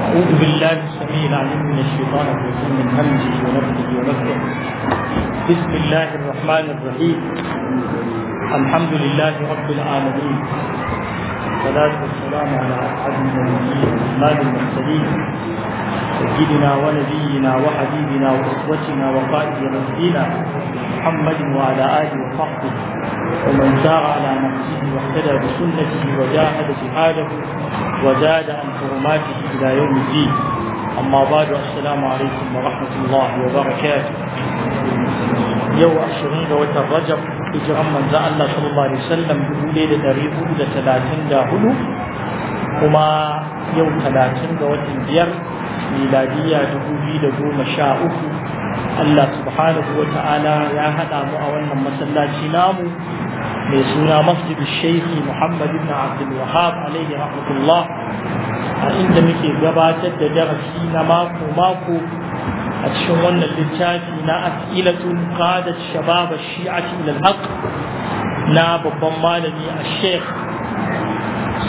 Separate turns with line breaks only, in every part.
أعوذ
بالله السميع العليم من الشيطان الرجيم من همزه ونفسه ونفسه بسم الله الرحمن الرحيم الحمد لله رب العالمين والصلاة والسلام على أحد النبيين وأحمد المرسلين سيدنا ونبينا وحبيبنا وأسوتنا وقائد رسولنا محمد وعلى آله وصحبه ومن سار على نفسه واهتدى بسنته وجاهد جهاده وزاد عن حرماته إلى يوم الدين أما بعد السلام عليكم ورحمة الله وبركاته يوم عشرين وتر رجب hijiran manzo Allah sallallahu alaihi wasallam hudu, kuma yau talatin ga watan biyar miladiya uku, Allah subhanahu wa ta'ala ya haɗa mu a wannan masallaci namu mai suna Masjid shaikhi Muhammad ibn Abdul Wahab alaihi rahmatullah a inda muke gabatar da darasi na mako mako a cikin wannan littafi na as'ilatul qadat shabab ash-shi'ati ila al-haq na babban malami a sheikh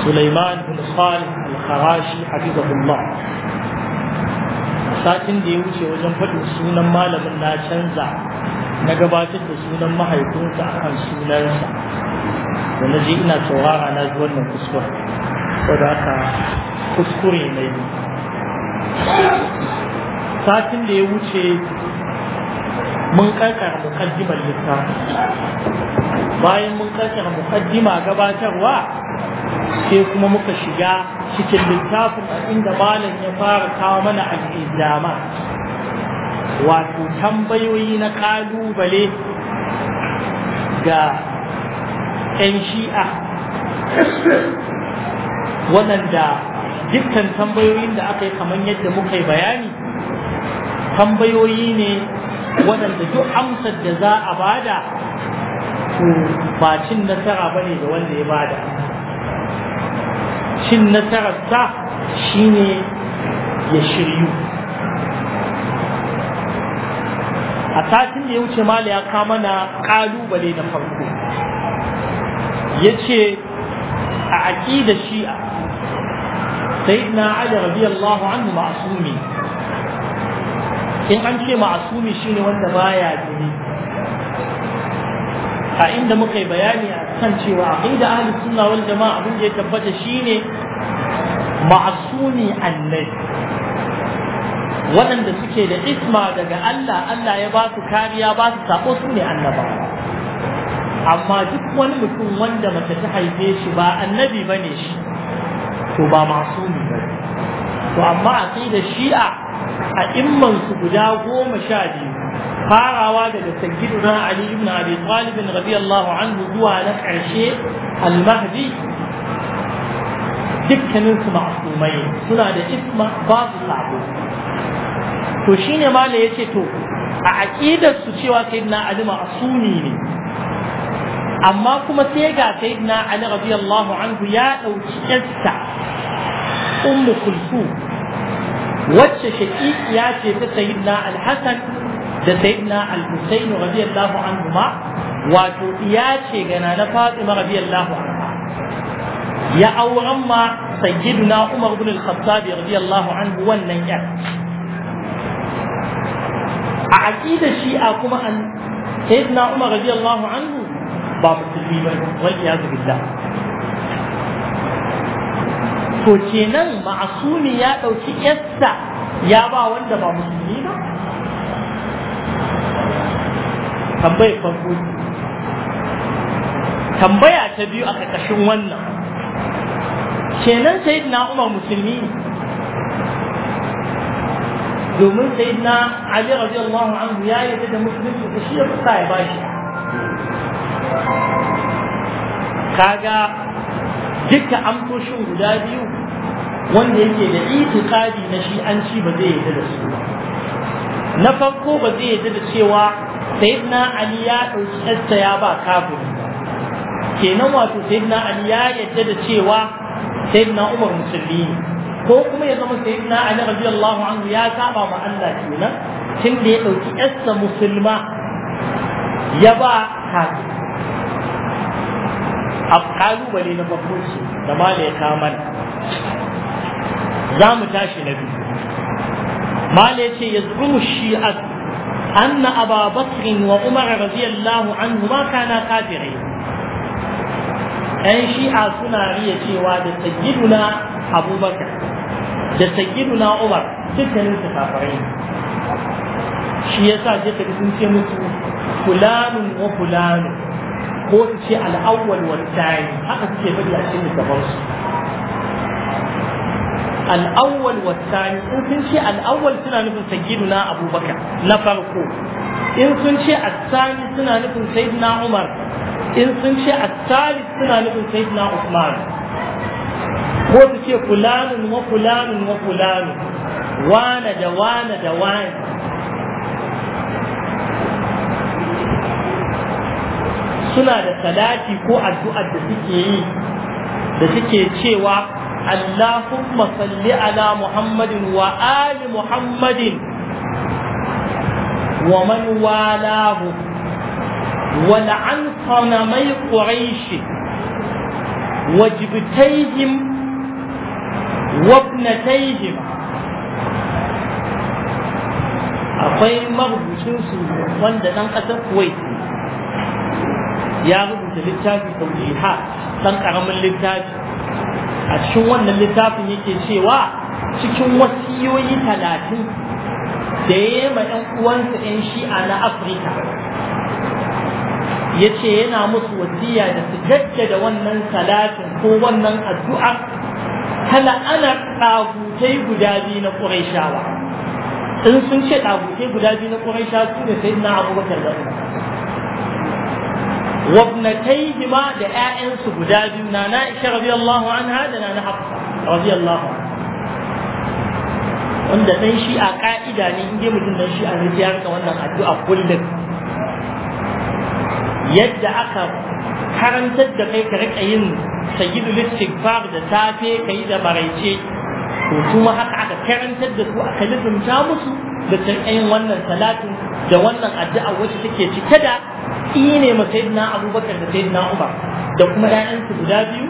Sulaiman bin Salih al-Kharashi hafizahullah satin da ya wuce wajen faɗin sunan malamin na canza na gabatar da sunan mahaifinsa a kan sunansa da na je ina saurara na ji wannan kuskure saboda aka kuskure na yi satin da ya wuce mun karkar mukaddimar littafi bayan mun karkar mukaddima gabatarwa sai kuma muka shiga cikin littafin inda malam ya fara kawo mana al'izama wato tambayoyi na kalubale ga ƴan shi'a waɗanda dukkan tambayoyin da aka yi kamar yadda muka yi bayani tambayoyi ne waɗanda duk amsar da za a bada to ba cin nasara ba ne da wanda ya bada cin nasararsa shine ya shiryu a satin da ya wuce mala ya kama na kalubale na farko ya ce a aƙida shi'a sai na ali radiyallahu anhu ma'asumi in an ce ma'asumi shine wanda baya jini a inda muka yi bayani a kan cewa aqida ahlus sunna wanda jama'a abin da ya tabbata shine ma'asumi annabi waɗanda suke da isma daga Allah Allah ya ba su kariya ba su sako su annaba amma duk wani mutum wanda mace ta haife shi ba annabi ba ne shi to ba masumi ba to amma a da shi'a a immansu guda goma sha biyu farawa daga sayyiduna ali ibn abi talib radiyallahu anhu zuwa na ƙarshe al-mahdi dukkanin su ma'asumai suna da isma babu sabo to shine mala yace to a aqidar su cewa sayyidina ali ma'asumi ne amma kuma sai ga sayyidina ali radiyallahu anhu ya ɗauki yarsa
ummu kulsum wacce
ya ce ta sayyidina al-hasan da sayyidina al-husayn radiyallahu anhu ma wato iya ce gana na Fatima radiyallahu anhu. ya auren ma sayyiduna Umar ibn al-Khattab radiyallahu anhu wannan yar a aqida shi'a kuma an sayyiduna Umar radiyallahu anhu ba musulmi ba wal iyad billah to kenan ma'asumi ya dauki yassa ya ba wanda ba musulmi ba tambayar farko tambaya ta biyu a ƙarƙashin wannan kenan na umar musulmi domin sayyidina ali radiyallahu anhu ya yi da musulmi da shi ya fusa ya bashi kaga duka amfoshin guda biyu wanda yake da itikadi na shi'anci ba zai yadda da su na farko ba zai yadda da cewa sayyidina ali ya ɗauki ya ba kafin kenan wato sayyidina ali ya yadda da cewa sayyidina umar musulmi ko kuma ya zama sayyidina ali radiyallahu anhu ya saba ma Allah kenan tun da ya dauki yarsa musulma ya ba kafi a kalubale na farko ce da male da ya kawo mana za mu tashi na biyu ما ليتي يزعم الشيعة أن أبا بكر وعمر رضي الله عنهما كانا كافرين ɗan shi'a suna riya cewa da sayyiduna abubakar da sayyiduna umar dukkanin su kafirai shi yasa je ka sun ce musu fulanun wa Fulanu ko su ce al'awwal wal tsani haka suke faɗi a cikin littafansu al'awwal wa tsani in sun ce al'awwal suna nufin sayyiduna abubakar na farko in sun ce a tsani suna nufin sayyiduna umar in sun ce a thalith suna nufin na Usman ko su ce fulanun wa fulanun wa fulanun wane da wane da wane suna da salati ko addu'ar da suke yi da suke cewa Allahumma salli ala Muhammadin wa ali Muhammadin wa man walahu wa la'an صنمي قريش وجبتيهم وابنتيهما akwai marubucinsu wanda ɗan ƙasar kuwait ya rubuta littafi taujiha ɗan ƙaramin littafi a cikin wannan littafin yake cewa cikin wasiyoyi talatin da ya yi ma 'yan uwansa 'yan shi'a na afirka ya ce yana musu wasiya da su jaddada wannan salatin ko wannan addu'a ta la'anar ɗagutai guda biyu na ƙuraishawa in sun ce ɗagutai guda biyu na ƙuraishawa su ne sai na abubakar da wabnatai hima da ‘ya'yansu guda biyu na na isha rabi Allah an da na na hafsa rabi Allah wanda ɗan shi a ƙa'ida ne in dai mutum ɗan shi a rijiya wannan addu'a kullum yadda aka karantar da kai ka rika yin sayyidul da safe kai da baraice to kuma haka aka karantar da su aka lizumta musu da yin wannan salatin da wannan addu'a wacce take cike da ine ma sayyidina abubakar da sayyidina umar da kuma ƴaƴansu guda biyu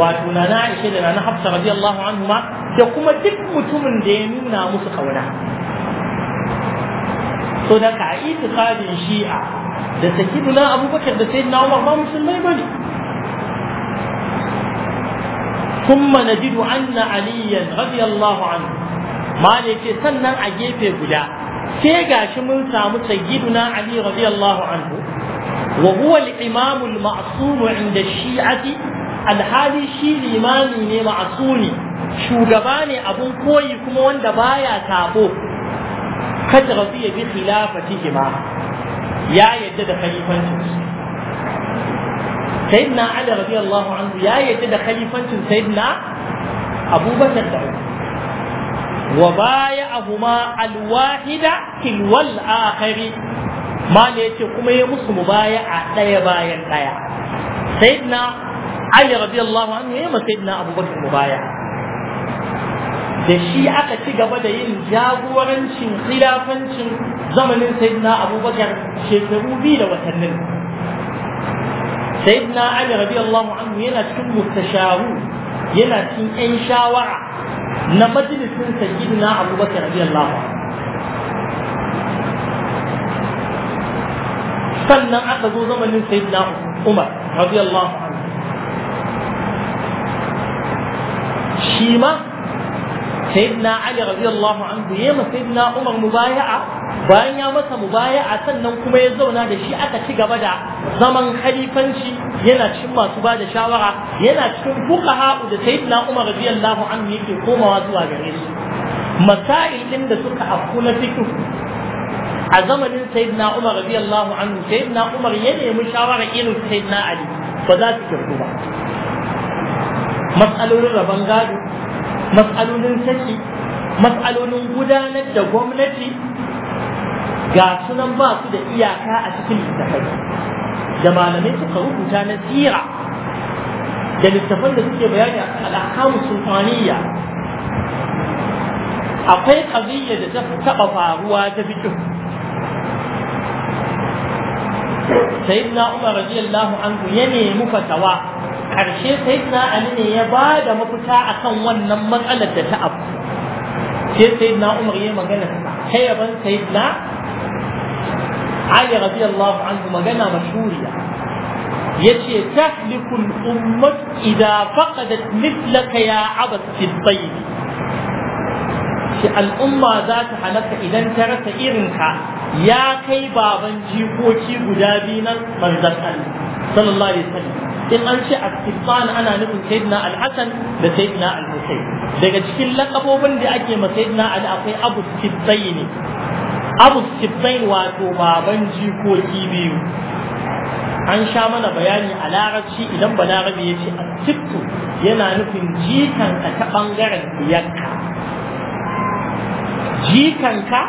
wato na na aisha da na hafsa radiyallahu ma da kuma duk mutumin da ya nuna musu kauna so da ka itiqadin shi'a da sakidu na abubakar da sai na umar ba musulmai ba ne kuma na jidu an na aliyyar radiyallahu an ma ne ce sannan a gefe guda ke shi mun samu sayyidu na ali radiyallahu an wa huwa al-imamu al-ma'sumu inda shi'ati alhali shi limami ne ma'suni shugaba ne abun koyi kuma wanda baya tabo kada ya bi khilafatihi ma ya yadda da khalifancin sayyidina ali radiyallahu anhu ya yadda da khalifancin sayyidina abubakar da wa baya ahuma alwahida kilwal akhari ma yace kuma ya musu mubaya'a daya bayan daya sayyidina ali radiyallahu anhu ya ma sayyidina abubakar mubaya'a da shi aka ci gaba da yin jagorancin khilafancin zamanin sayyidina abubakar shekaru biyu da watannin sayyidina ali radiyallahu anhu yana cikin mustasharu yana cikin yan shawara na majalisin sayyidina abubakar radiyallahu anhu sannan aka zo zamanin sayyidina umar radiyallahu anhu shi ma sayyidina ali radiyallahu anhu ya ma sayyidina umar mubaya'a bayan ya masa mubaya'a sannan kuma ya zauna da shi aka ci gaba da zaman khalifanci yana cikin masu ba da shawara yana cikin fuqaha da sayyidina umar radiyallahu anhu yake komawa zuwa gare su masail din da suka afku na fiqh a zamanin sayyidina umar radiyallahu anhu sayyidina umar ya nemi shawara irin sayyidina ali ba za su kirku ba matsalolin rabon gado matsalolin saki matsalolin gudanar da gwamnati ga sunan ba su da iyaka a cikin littafai da malamai suka rubuta na tsira da littafan da suke bayani al'akamu sultaniya akwai ƙaziyya da ta taɓa faruwa ta fito. sayyidina umar radiyallahu anhu ya nemi fatawa ƙarshe sayyidina ali ne ya ba da mafita akan wannan matsalar da ta abu sai sayyidina umar ya magana ta yaban sayyidina ali radiyallahu anhu magana mashhuriya yace tahlikul ummat idza faqadat mithlaka ya abad fi tayyib shi al'umma za ta halaka idan ta rasa irinka ya kai baban jikoki guda biyu na manzon Allah sallallahu alaihi wasallam in an ce astifan ana nufin sayyidina al-hasan da sayyidina al-husayn daga cikin lakabobin da ake ma sayyidina ali akwai abu sibtaini abu sibtaini wato baban jikoki biyu an sha mana bayani a larabci idan balarabe ya ce asibtu yana nufin jikanka ta bangaren iyakka jikanka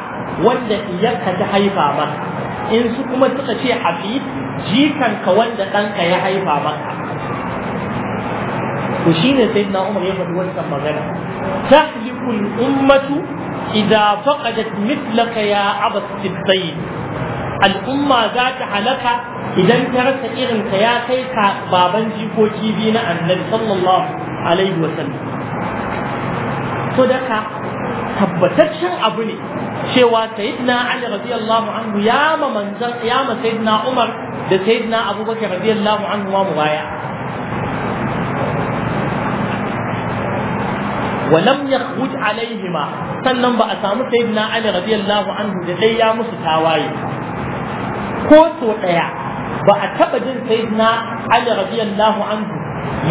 wanda iyakka ta haifa maka in su kuma suka ce a fi jikanka wanda ɗanka ya haifa maka to shine sayyidina umar ya faɗi wannan magana tahliful ummatu idza faqadat mithlaka ya abas siddain al'umma za ta halaka idan ta rasa irin ka ya kai ka baban jikoki biyu na annabi sallallahu alaihi wasallam to daka tabbataccen abu ne cewa sayyidina ali radiyallahu anhu ya ma manzan ya ma sayyidina umar da sayyidina abubakar radiyallahu anhu ma mubaya ولم يخرج عليهما sannan ba a samu sayyidina ali radiyallahu anhu da dai ya musu tawaye ko so daya ba a taba jin sayyidina ali radiyallahu anhu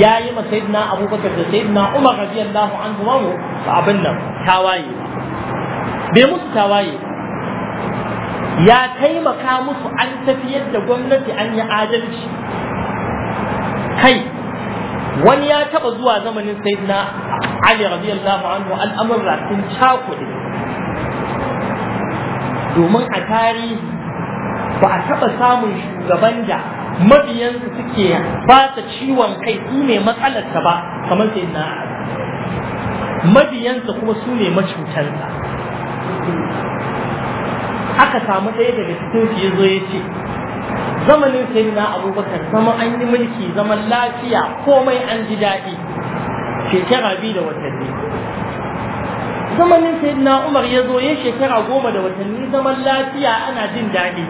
yayi ma sayyidina abubakar da sayyidina umar radiyallahu anhu ba abin nan tawaye bai musu tawaye ya taimaka musu an tafiyar da gwamnati an yi adalci kai wani ya taba zuwa zamanin sayyidina ali radiyallahu anhu al'amurra sun cakuɗe domin a tarihi ba a taɓa samun shugaban da mabiyansu suke fata ciwon kai su ne matsalarsa ba kamar sayyidina ali mabiyansa kuma su ne macutansa aka samu ɗaya daga cikin su ya zo ya ce zamanin sai na abubakar zama an yi mulki zaman lafiya komai an ji daɗi shekara biyu da watanni zamanin sai na umar ya zo ya shekara goma da watanni zaman lafiya ana jin daɗi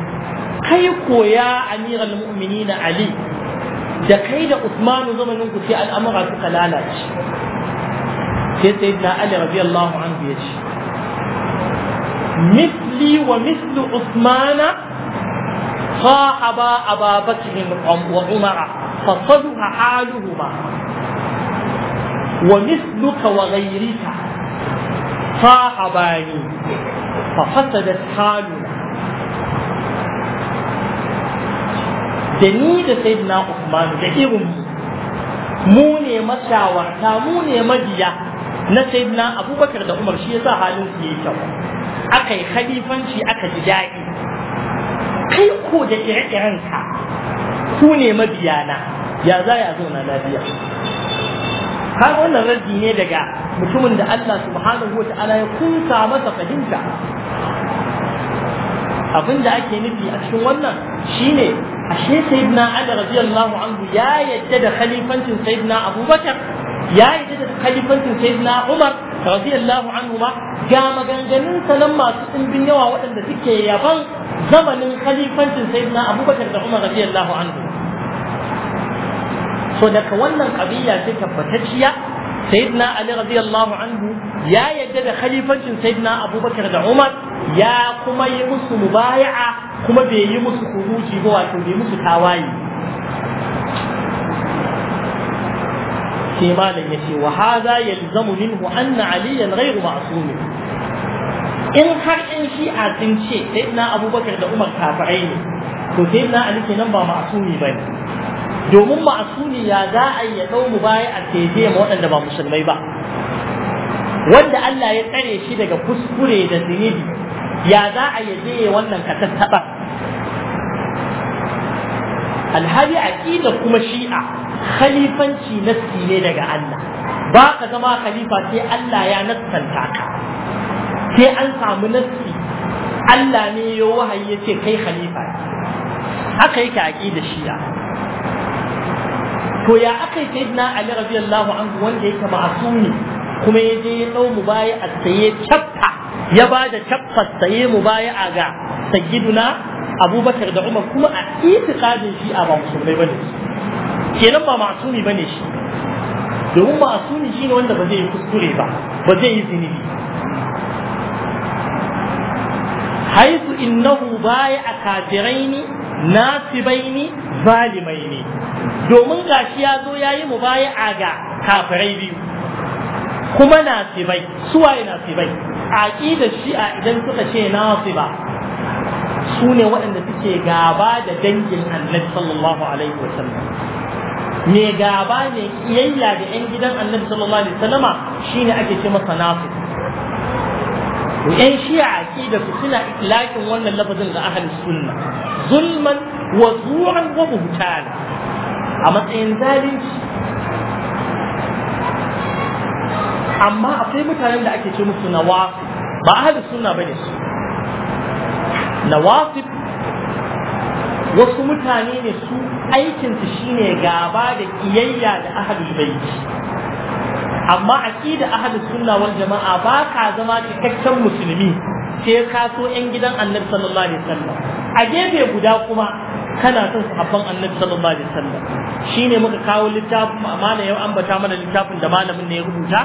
kai koya amiral mu'mini na ali da kai da usmanu zamanin ku sai al'amura suka lalace sai na ali radiyallahu anhu ya ce misli wa mislu usmana صاحبا أبا بكر وعمر فصلح حالهما ومثلك وغيرك صاحباني ففسدت حالنا دني da sayyidina Uthman da irin mu ne mashawarta mu ne mabiya na sayyidina abubakar da umar shi yasa halin su yayi kyau aka yi khalifanci aka ji daɗi kai ko da ire-iren ka ku ne na? ya za ya zauna lafiya har wannan raddi ne daga mutumin da Allah subhanahu wata'ala ya kunsa masa fahimta abin da ake nufi a cikin wannan shine ashe sayyidina Ali radiyallahu anhu ya yadda da khalifancin sayyidina Abubakar ya yi da khalifancin sayyidina Umar radiyallahu anhu ma ga maganganun sanan masu ɗimbin yawa waɗanda suke yaban zamanin khalifancin sayyidina Abubakar da Umar radiyallahu anhu so daga wannan kabiya ce tabbatacciya sayyidina Ali radiyallahu anhu ya yadda da khalifancin sayyidina Abubakar da Umar ya kuma yi musu mubaya'a kuma bai yi musu kuruci ba wato bai musu tawaye sai malam ya ce wa haza yalzamu minhu anna aliyan ghairu ma'sum in har in shi a sun ce sai na abubakar da umar kafirai ne to sai na ali kenan ba ma'sumi bane domin ma'sumi ya za a ya dau mu baya a teje ma waɗanda ba musulmai ba wanda Allah ya tsare shi daga kuskure da zunubi ya za a ya je wannan katattaba alhali aqida kuma shi'a khalifanci nassi ne daga Allah ba ka zama khalifa sai Allah ya nassanta ka sai an samu nassi Allah ne ya wahayi ya ce kai khalifa haka yake aqida shi'a to ya aka yi sayyidina Ali radiyallahu anhu wanda yake ma'asumi kuma ya je ya dau mubayi'a sai ya chaffa ya ba da chaffar saye mubayi'a ga sayyiduna abubakar da umar kuma a itiqadin shi a ba musulmai bane kenan ba masumi bane shi domin shi ne wanda ba zai yi kuskure ba ba zai yi zinubi haisu innahu baya a ni, nasibaini ne, domin gashi ya zo yayi mubaya'a ga kafirai biyu kuma nasibai suwaye nasibai aqidar shi'a idan suka ce nasiba su ne waɗanda suke gaba da dangin annabi sallallahu alaihi wasallam me gaba ne kiyayya da yan gidan annabi sallallahu alaihi wasallama shine ake ce masa nafiq to yan shi'a aqida su suna itlaqin wannan lafazin ga ahli sunna zulman wa zu'an wa buhtana a matsayin zalunci amma akwai mutanen da ake ce musu nawa ba ahli sunna bane su nawasib wasu mutane ne su aikinsu shine gaba da kiyayya da ahlul baiti amma aqida ahlus sunna wal jama'a ba ka zama cikakken musulmi sai ka so yan gidan annabi sallallahu alaihi wasallam a gefe guda kuma kana son sahabban annabi sallallahu alaihi wasallam shine muka kawo littafin amana yau ambata mana littafin da malamin ne ya rubuta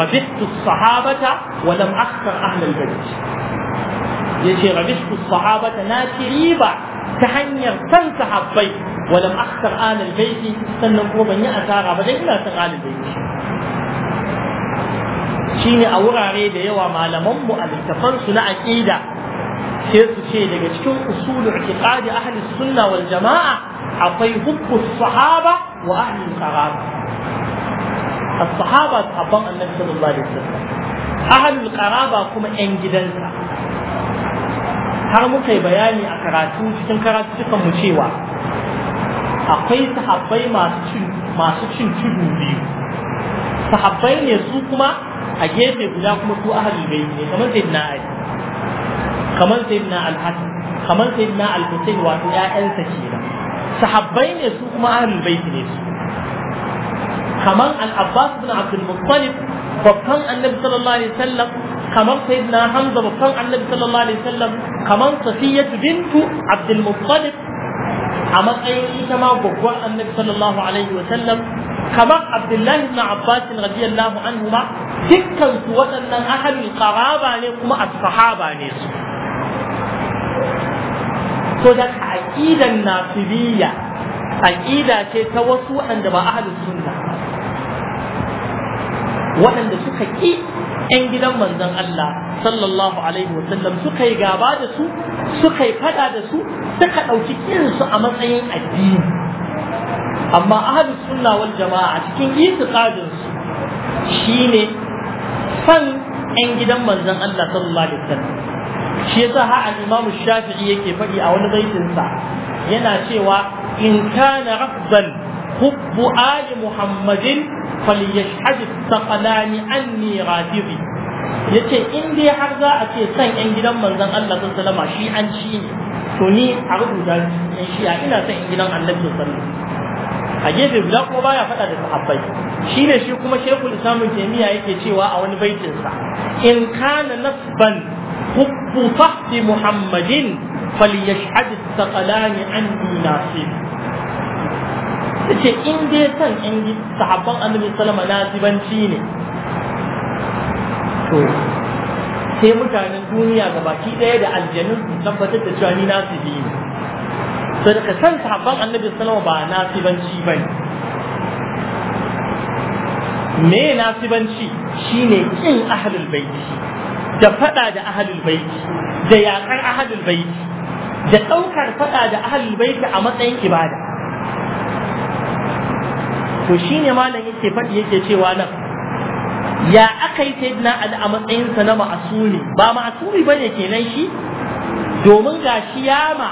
rafiqtu sahabata wa lam akhtar ahlul bait yace rabishtu sahabata na ci riba ta hanyar san sahabbai walam akhsar alal baiti sannan kuma ban yi asara ba dai ina san alal baiti shine a wurare da yawa malaman mu a su na aqida sai su ce daga cikin usulul iqadi ahli sunna wal jamaa akwai hubbu sahaba wa ahli qaraba الصحابة أبان النبي صلى الله عليه وسلم أهل القرابة كما إن جدنسا har muka yi bayani a karatu cikin karatukan mu cewa akwai sahabbai masu cin tudu biyu sahabbai ne su kuma a gefe guda kuma su ahalul bayt ne kamar na ali kamar sayyidina na hasan kamar sayyidina na husayn wato ƴaƴansa kenan sahabbai ne su kuma ahalul bayt ne su kamar al-abbas ibn abdul muttalib babban annabi sallallahu alaihi wasallam kamar sayyidina hamza babban annabi sallallahu alaihi wasallam kamar safiyatu bintu abdul muttalib a matsayin ita ma babban annabi sallallahu alaihi wasallam kamar abdullahi ibn abbas radiyallahu anhu ma dukkan su waɗannan ahalin qaraba ne kuma as-sahaba ne su to da aqidan nasibiyya aqida ce ta wasu waɗanda ba ahalin sunna waɗanda suka ki. 'yan gidan manzon Allah sallallahu alaihi wasallam suka yi gaba da su suka yi fada da su suka ɗauki su a matsayin addini amma ahlu sunna wal jama'a cikin itiqadin su shine san 'yan gidan manzon Allah sallallahu alaihi wasallam shi yasa ha al-Imam Shafi'i yake faɗi a wani baitin sa yana cewa in kana rafdan hubbu ali Muhammadin falyashhad thaqalani anni radibi yace in dai har za a ce san yan gidan manzon Allah sallallahu alaihi wasallam shi an ci ne to ni a rubuta yan shi ina san yan gidan Allah sallallahu alaihi wasallam a gefe guda kuma baya faɗa da sahabbai shi ne shi kuma shekul islamun taimiyya yake cewa a wani baitinsa in kana nasban hubbu fahdi muhammadin falyashhad thaqalani anni nasib yace in dai san in sahabban annabi sallama nasibanci ne to sai mutanen duniya ga baki ɗaya da aljanun su tabbatar da cewa ni nasibi ne to daga san sahabban annabi salama ba nasibanci ba ne me nasibanci shine kin ahlul baiti da faɗa da ahlul baiti da yaƙar ahlul baiti da ɗaukar faɗa da ahlul baiti a matsayin ibada to ne malam yake faɗi yake cewa nan ya aka yi sayyidina ali a matsayinsa na ma'asuri ba ba bane kenan shi domin ga shi yama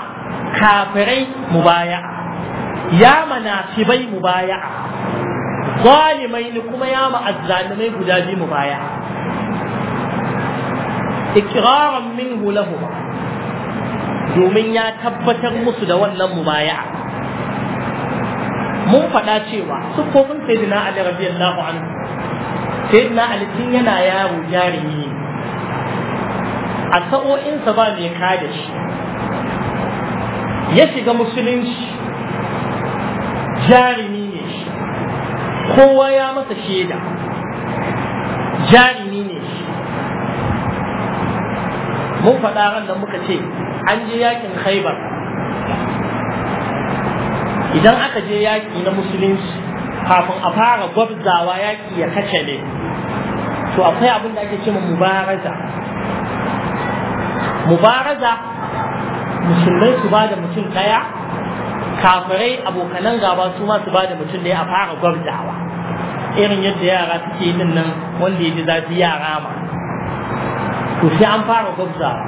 kafirai mubaya'a yama mu mubaya'a zalimai ne kuma yama azzalimai guda biyu mubaya'a ikiraran min lahu domin ya tabbatar musu da wannan mubaya'a mun faɗa cewa kofin sayyidina ali radiyallahu anhu sayyidina ali tun yana yaro jarumi ne a sa'o'insa ba mai kada shi ya shiga musulunci jarumi ne shi kowa ya masa shaida jarumi ne shi mun faɗa ran da muka ce an je yakin khaibar idan aka je yaƙi na musulunci kafin a fara gwabzawa yaƙi ya kace ne to akwai abin da ake cewa mubaraza mubaraza musulmai su ba da mutum ɗaya kafirai abokanan gaba su ma su ba da mutum ɗaya a fara gwabzawa irin yadda yara suke yin nan wanda ya ji zafi yara ma to sai an fara gwabzawa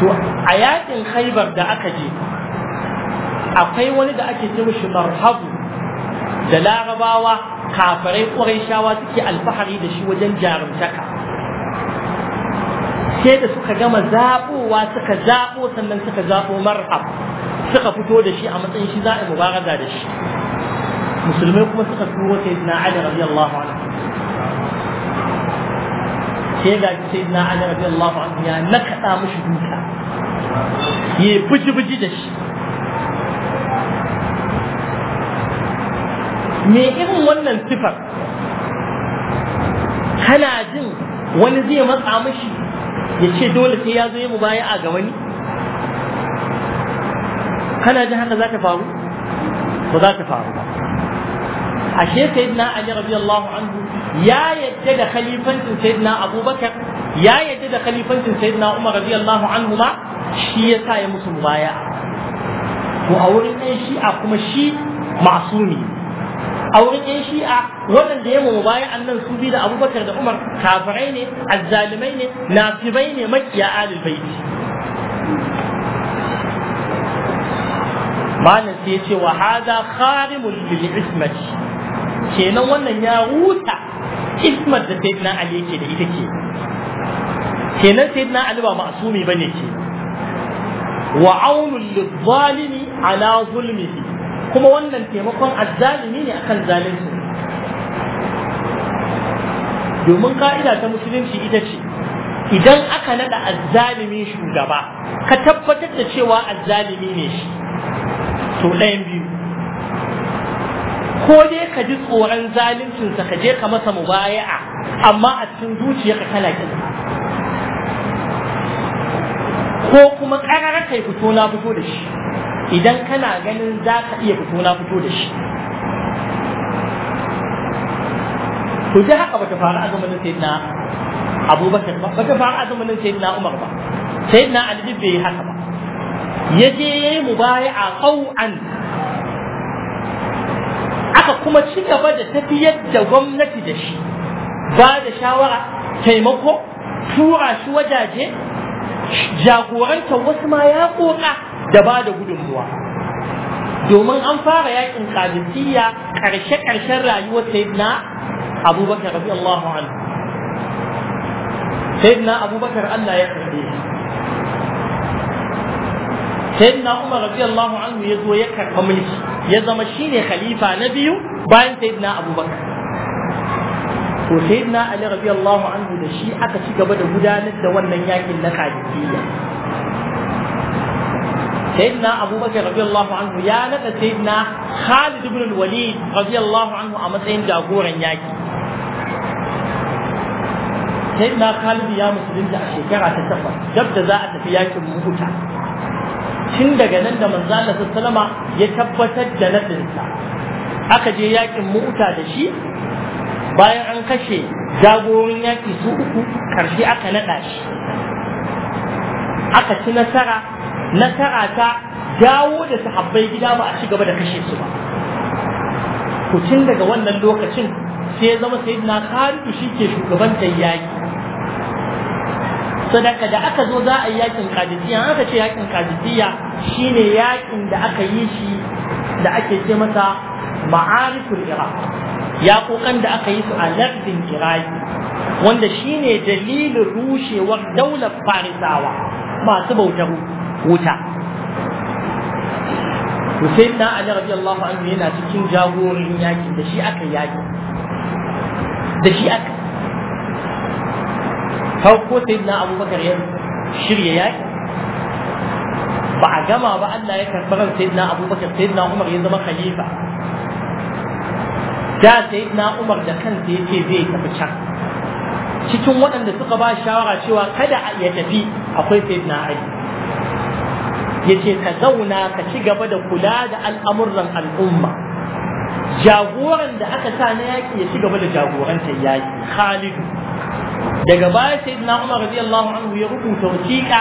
to a yaƙin haibar da aka je akwai wani da ake ce mishi marhabu da larabawa kafarai ƙurayshawa suke alfahari da shi wajen jarumtaka sai da suka gama zaɓowa suka zaɓo sannan suka zaɓo marhab suka fito da shi a matsayin shi za a yi mubaraza da shi musulmai kuma suka turo sai na ali radiyallahu anhu sai ga sai na ali radiyallahu anhu ya nakaɗa mishi duka ya yi buji-buji da shi me irin wannan sifar kana jin wani zai matsa mashi ya ce dole sai ya zo ya a ga wani kana jin haka za ta faru ba za ta faru ba ashe sayyidina ali radiyallahu anhu ya yadda da khalifancin sayyidina abubakar ya yadda da khalifancin sayyidina umar radiyallahu anhu ma shi ya sa ya musu mubaya to a wurin ɗan shi'a kuma shi masu masumi a wurin yan shi'a waɗanda ya mu baya annan su bi da abubakar da umar kafirai ne azzalimai ne nasibai ne makiya alil baiti malam sai ya ce wa hada kharimul bil ismati kenan wannan ya huta ismat da sayyidina ali yake da ita ke kenan sayyidina ali ba ma'sumi bane ke wa aunul lizalimi ala zulmihi kuma wannan taimakon azzalimi ne akan zalunci domin ka'ida ta musulunci ita ce idan aka nada azzalimi shugaba ka tabbatar da cewa azzalimi ne shi to ɗayan biyu ko dai ka ji tsoron zaluncinsa ka je ka masa mubaya'a amma a cikin zuciyarka kana kin ko kuma ƙararra kai fito na fito da shi idan kana ganin za ka iya fito na fito da shi to dai haka bata faru a zamanin sayyidina abubakar ba bata faru a zamanin sayyidina umar ba sayyidina ali bai yi haka ba ya je ya yi mubaya'a qau'an aka kuma ci gaba da tafiyar da gwamnati da shi ba da shawara taimako tura shi wajaje jagorantar wasu ma ya koka da ba da gudunmuwa domin an fara yakin kadisiyya karshe-karshen rayuwar sayyidina abubakar rabi Allahu anhu sayyidina abubakar Allah ya karbe shi sayyidina umar rabi Allahu anhu ya zo ya karba mulki ya zama shine khalifa na biyu bayan sayyidina abubakar to sayyidina ali rabi Allahu anhu da shi aka ci gaba da gudanar da wannan yakin na kadisiyya sayyidina abubakar radiyallahu anhu ya nada sayyidina khalid ibn walid radiyallahu anhu a matsayin jagoran yaki sayyidina khalid ya musulunta a shekara ta takwas dab za a tafi yakin muhuta tun daga nan da manzo Allah sallama ya tabbatar da nadinsa aka je yakin muhuta da shi bayan an kashe jagorin yaki su uku karshe aka naɗa shi aka ci nasara nasara ta dawo da sahabbai gida ba a ci gaba da kashe su ba ku tun daga wannan lokacin sai zama sayyidina Khalidu ke shugabantar yaki sadaka da aka zo za a yi yakin kajijiya aka ce yakin kajijiya shine yakin da aka yi shi da ake ce masa ma'ariful iraq kokan da aka yi su a lardin iraki wanda shine dalilin rushewar daular farisawa masu bautar wuta Hussein na Ali radiyallahu anhu yana cikin jagororin yaki da shi aka yaki da shi aka farko sai na abubakar ya shirya yaki ba a gama ba Allah ya karɓi ran sai na abubakar sai na umar ya zama khalifa da sai na umar da kansa ya ce zai tafi can cikin waɗanda suka ba shawara cewa kada ya tafi akwai sai na ali yace ka zauna ka ci gaba da kula da al'amuran al'umma jagoran da aka sa na yaƙi ya ci gaba da jagoranta yaƙi, Khalidu daga baya sayyidina Umar radiyallahu anhu ya rubuta wasiƙa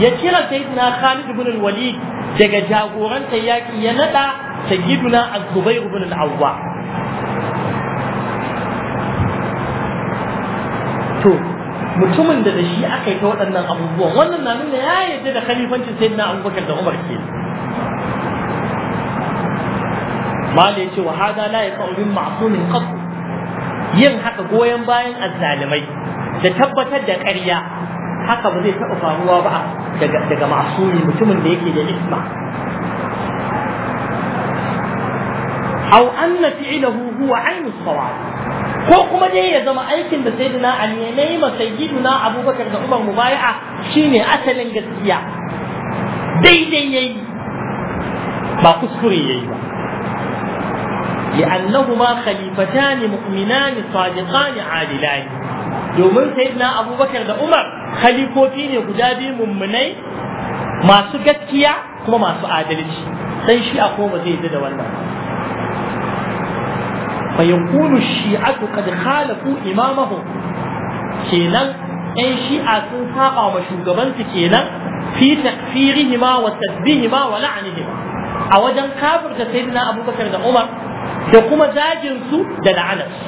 ya kira sayyidina Khalid ibn al-Walid daga jagorantar yaƙi ya nada ta Az-Zubair ibn al-Awwa to mutumin da da shi aka yi ta waɗannan abubuwan wannan na nuna ya yadda da khalifancin sai na abubakar da umar ke mala ya ce wa hada la ya ƙaurin ma'asumin yin haka goyon bayan azzalimai da tabbatar da ƙarya haka ba zai taɓa faruwa ba daga ma'asumi mutumin da yake da isma أو أن huhu هو عين الصواب ko kuma dai ya zama aikin da sayyidina Ali ya nayi ma sayyidina Abubakar da Umar mubaya'a shine asalin gaskiya daidai yayi ba kuskure yayi ba ma خليفتان مؤمنان صادقان عادلان domin sayyidina abubakar da umar khalifofi ne guda biyu mummunai masu gaskiya kuma masu adalci sai shi a koma zai yi da wannan فيكون الشيعة قد خالفوا إمامهم كينا أي شيعة سنساقا ومشوقبان كينا في تكفيرهما وتدبيهما ولعنهما أوجن كافر سيدنا أبو بكر عمر da kuma zagin da la'anarsu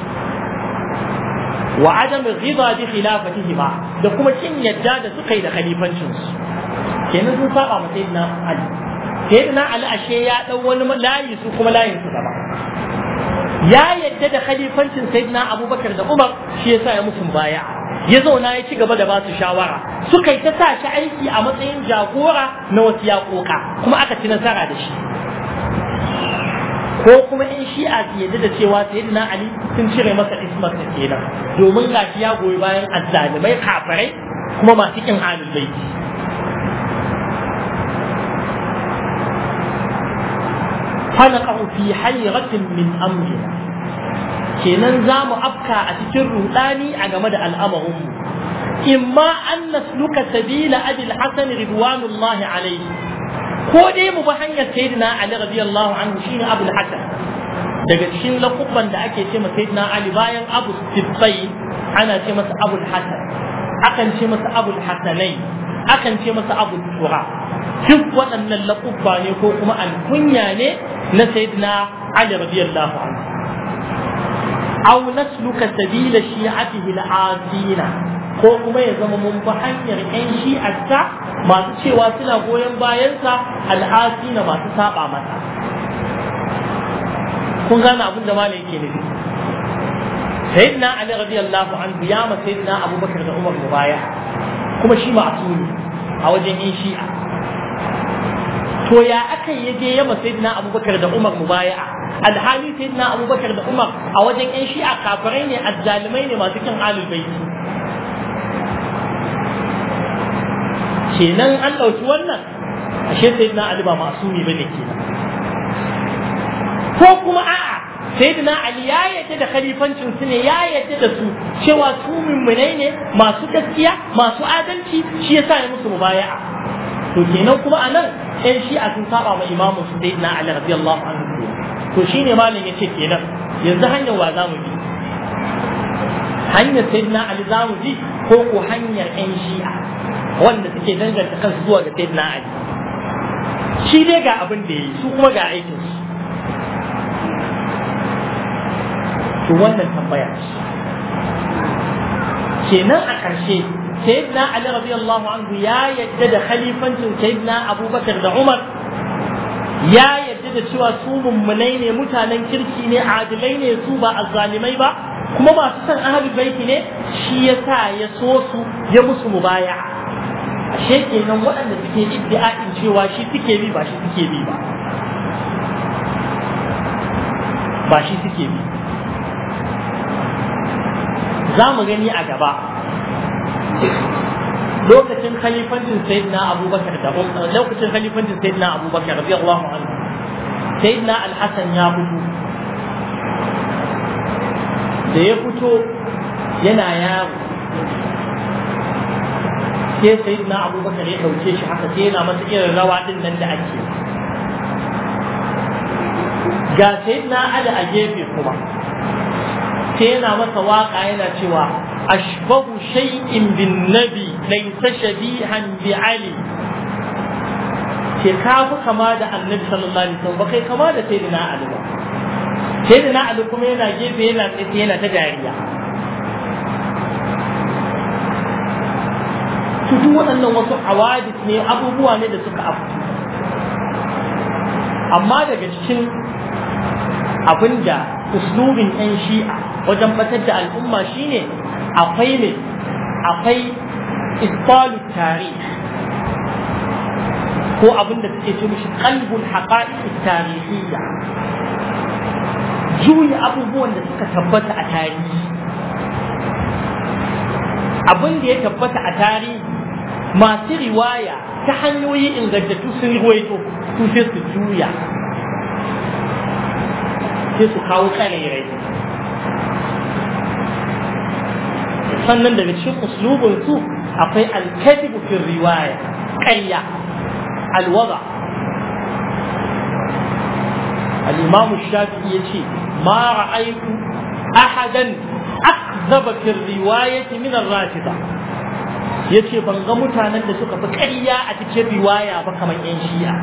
wa adam rida bi khilafatihima da kuma kin yadda da suka yi da khalifancin su kenan sun saba ma sayyidina ali sayyidina ali ashe ya ɗau wani layi su kuma layin su ya yadda da khalifancin sayyidina abubakar da umar shi yasa ya mutum baya ya zauna ya ci gaba da ba su shawara suka yi ta sa shi aiki a matsayin jagora na wasu yaƙoƙa kuma aka ci nasara da shi ko kuma in shi a yadda da cewa sayyidina ali sun cire masa ismar da kenan domin gashi ya goyi bayan azzalimai kafirai kuma masu kin halin baiti فنقع في حيرة من أمرنا kenan za mu afka a cikin ruɗani a game da al'amarinmu imma an nasluka sabila abil alayhi ko dai mu bi hanyar sayyidina ali radiyallahu anhu shine abul hasan daga cikin lakuban da ake ce masa sayyidina ali bayan abu sibbai ana ce masa abul hasan akan ce masa abul hasanai akan ce masa abu tura duk waɗannan laƙubba ne ko kuma alkunya ne na sayyidina ali radiyallahu anhu aw nasluka sabila shi'atihi al'azina ko kuma ya zama mun bi hanyar ƴan shi'arsa masu cewa suna goyon bayansa al'azina masu saba masa kun gane abin da malai yake nufi sayyidina ali radiyallahu anhu ya ma sayyidina abubakar da umar mubaya'a kuma shi ma'asumi a wajen yin shi'a to ya aka yi je ya ma sayyidina abubakar da umar baya? alhali sayyidina abubakar da umar a wajen yan shi'a kafirai ne azzalimai ne masu kin alul baiti kenan an ɗauki wannan ashe sayyidina ali ba ma'asumi bane kenan ko kuma a'a sayyidina ali ya yadda da khalifancin su ne ya yadda da su cewa su mummunai ne masu gaskiya masu adalci shi yasa ya musu mubaya'a to kenan kuma anan ɗan shi'a sun saba ma imamu su sayyidina ali radiyallahu anhu to shine malam yace kenan yanzu hanyar wa zamu bi hanyar sayyidina ali zamu bi ko ko hanyar ɗan shi'a wanda suke danganta kansu zuwa ga sayyidina ali shi dai ga abin da yi su kuma ga aikinsu to wannan tambaya kenan a ƙarshe sayyidina ali radiyallahu anhu ya yadda da khalifancin sayyidina abubakar da umar ya yadda da cewa su mummunai ne mutanen kirki ne adilai ne su ba azzalimai ba kuma masu san ahlul baiti ne shi yasa ya so su ya musu baya. ashe kenan waɗanda suke iddia'in cewa shi suke bi ba shi suke bi ba ba shi suke bi za mu gani a gaba lokacin khalifancin sayyidina abubakar da lokacin khalifancin sayyidina abubakar radiyallahu anhu sayyidina al-hasan ya fito da ya fito yana yawo sai sayyidina abubakar ya dauke shi haka sai yana masa irin rawa din nan da ake ga sayyidina ali a gefe kuma sai yana masa waka yana cewa ashbahu shay'in bin nabi laysa shabihan bi ali ke kafi kama da annabi sallallahu alaihi wasallam ba kai kama da sayyidina ali ba sayyidina ali kuma yana gefe yana tsaye yana ta dariya su duk waɗannan wasu awadis ne abubuwa ne da suka afu amma daga cikin abin da uslubin 'yan shi'a wajen batar da al'umma ne akwai ne akwai isbalu tarih ko abin da suke ce mishi qalbul haqa'iq tarihiyya juya abubuwan da suka tabbata a tarihi abin da ya tabbata a tarihi masu riwaya ta hanyoyi ingantattu sun ruwaito su sai su juya sai su kawo tsare rai sannan daga cikin uslubin su akwai alkadibu fi riwaya ƙarya alwaza al-imam shafi'i yace ma ra'aytu ahadan akzaba fi riwayati minar ar-rafida yace ban ga mutanen da suka fi ƙarya a cikin riwaya ba kamar yan shi'a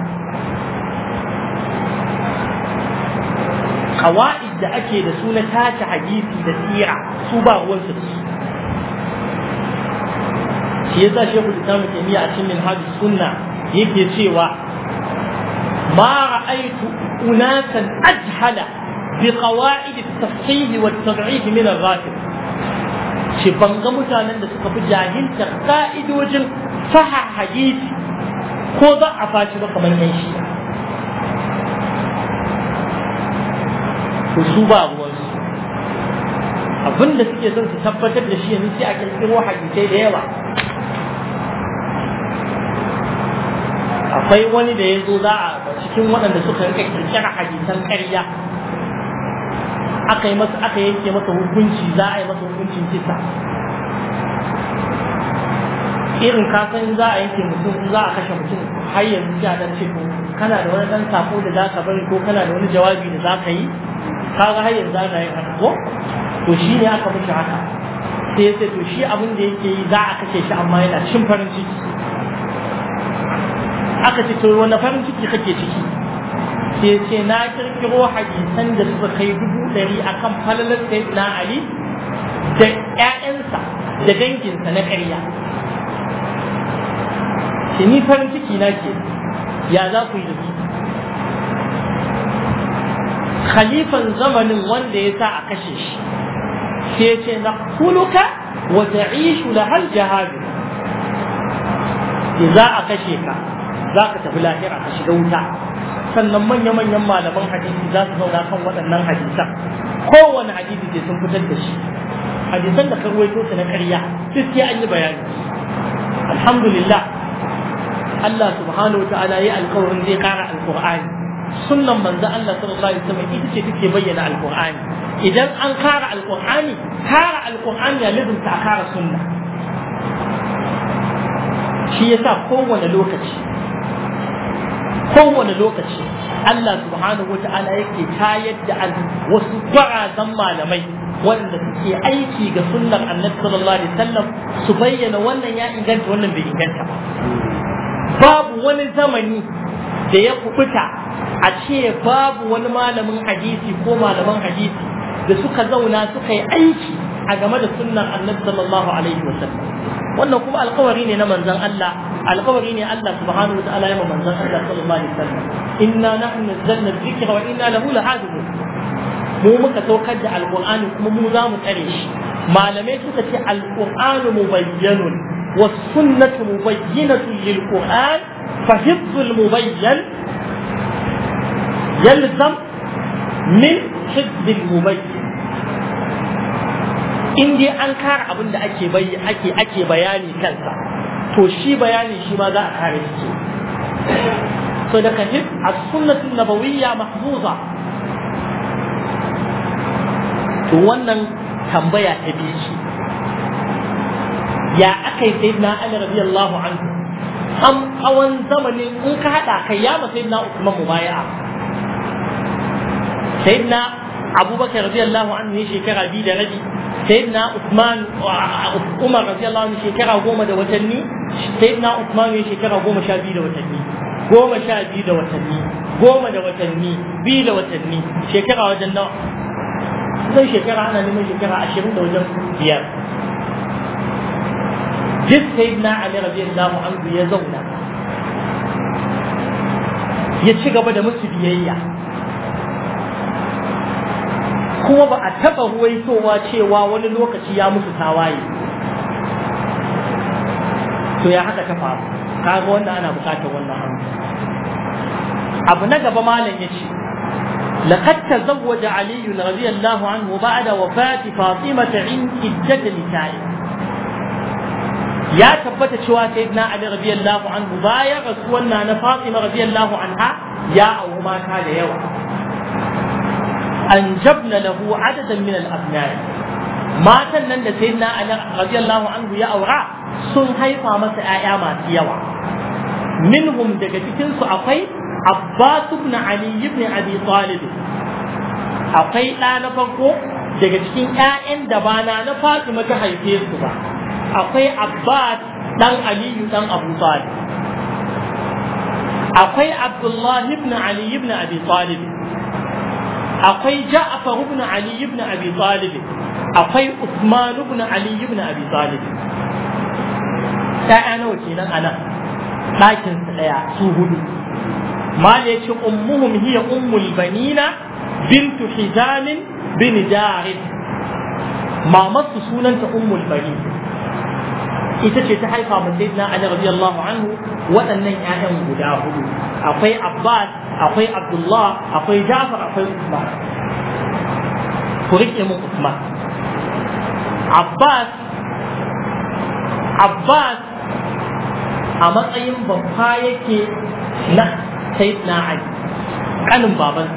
qawaid da ake da su na tace hadisi da tsira su ba ruwan su shi yasa shekul islam taimiyya a cikin minhajus sunna yake cewa ma ra'aitu unasan ajhala bi qawaid at-tafsir wa at-tad'if min ar-rafid shi ban ga mutanen da suka fi jahilta ka'idojin saha hadisi ko za a faci ba kamar yan shi to su ba ruwansu abinda suke son su tabbatar da shi yanzu sai a kirkiro hadisai da yawa akwai wani da ya zo za a cikin waɗanda suka rika kirkira hadisan ƙarya aka yi masa aka yanke masa hukunci za a yi masa hukuncin kisa irin kasan za a yanke mutum za a kashe mutum har yanzu ji a ɗan ce kana da wani ɗan sako da za ka bari ko kana da wani jawabi da za ka yi ka ga har yanzu ana yin haka ko to shi ne aka mishi haka sai ya ce to shi abin da yake yi za a kashe shi amma yana cin farin ciki aka ce to wani farin ciki kake ciki sai ce na kirkiro hadisan da suka kai dubu ɗari akan falalar sayyidina ali da ƴaƴansa da danginsa na ƙarya ce ni farin ciki na ke ya za ku yi da su khalifan zamanin wanda ya sa a kashe shi sai ce na kuluka wa ta'ishu lahal jahadu za a kashe ka za ka tafi lahira ka shiga wuta sannan manya-manyan malaman hadisi za su zauna kan waɗannan hadisan kowane hadisi sai sun fitar da shi hadisan da karwaito su na ƙarya duk sai an yi bayani alhamdulillah Allah subhanahu wa ta'ala ya alƙawarin zai ƙara alƙur'ani sunnan manzo Allah sallallahu alaihi wasallam ita ce take bayyana alƙur'ani idan an ƙara alƙur'ani ƙara alƙur'ani ya lazumta a ƙara sunna shi yasa kowane lokaci kowane lokaci Allah subhanahu ta'ala yake tayar da wasu ba'azan malamai wanda suke aiki ga sunnar annabi sallallahu alaihi wasallam su bayyana wannan ya inganta wannan bai inganta ba babu wani zamani da ya kubuta a ce babu wani malamin hadisi ko malaman hadisi da suka zauna suka yi aiki a game da sunnar annabi sallallahu alaihi wasallam wannan kuma alkawari ne na manzon Allah القبرين الله سبحانه وتعالى يوم من صلى الله عليه وسلم إنا نحن نزلنا الذكر وإنا له لحافظ مو متوكل على القرآن مو دام تريش ما لم يتوكل على القرآن مبين والسنة مبينة للقرآن فحفظ المبين يلزم من حفظ المبين إني أنكر أبن أكي بي أكي أكي بياني كذا to shi bayani shi ma za a kare shi so da kan as-sunnatu nabawiyya mahfuza to wannan tambaya ta biyu shi. ya aka yi sayyidina Ali radiyallahu anhu an tsawon zamanin in ka hada kai ya ma sayyidina Usman mubaya'a sayyidina Abubakar radiyallahu anhu ne shekara biyu da rabi sayyidina Usman uh, Umar radiyallahu anhu shekara goma da watanni sayyidina Usman ya shekara goma sha biyu da watanni goma sha biyu da watanni goma da watanni da watanni shekara wajen nawa sai shekara ana neman shekara ashirin da wajen biyar duk sayyidina Ali radiyallahu anhu ya zauna ya ci gaba da musu biyayya kuma ba a taɓa ruwaitowa cewa wani lokaci ya musu tawaye to ya haka ta faru kaga wanda ana bukatar wannan abu na gaba malam ya ce لقد تزوج علي رضي الله عنه بعد وفاة فاطمة عند إدة نسائه ya tabbata cewa sayyidina Ali radiyallahu anhu bayan rasuwan na na Fatima ya auri mata da yawa anjabna lahu adadan min al-abnai matan nan da sayyidina ali radiyallahu anhu ya aura sun haifa masa ƴaƴa masu yawa minhum daga cikin su akwai Abbas ibn Ali ibn Abi Talib akwai ɗa na farko daga cikin ƴaƴan da bana na Fatima ta haife su ba akwai Abbas dan Aliyu dan Abu Talib akwai Abdullah ibn Ali ibn Abi Talib akwai Ja'far ibn Ali ibn Abi Talib akwai Uthman ibn Ali ibn Abi Talib ta'ana nawa kenan ana? ɗakin su ɗaya su hudu ما ليش أمهم هي أم البنين بنت حزام بن جارد ما مص سنة أم البنين ita ce ta haifa ma sayyidina Ali radiyallahu anhu waɗannan ƴaƴan guda hudu akwai Abbas akwai abdullah akwai jafar akwai usman ku riƙe mun usman abbas abbas a matsayin babba yake na sayyidina ali kanin baban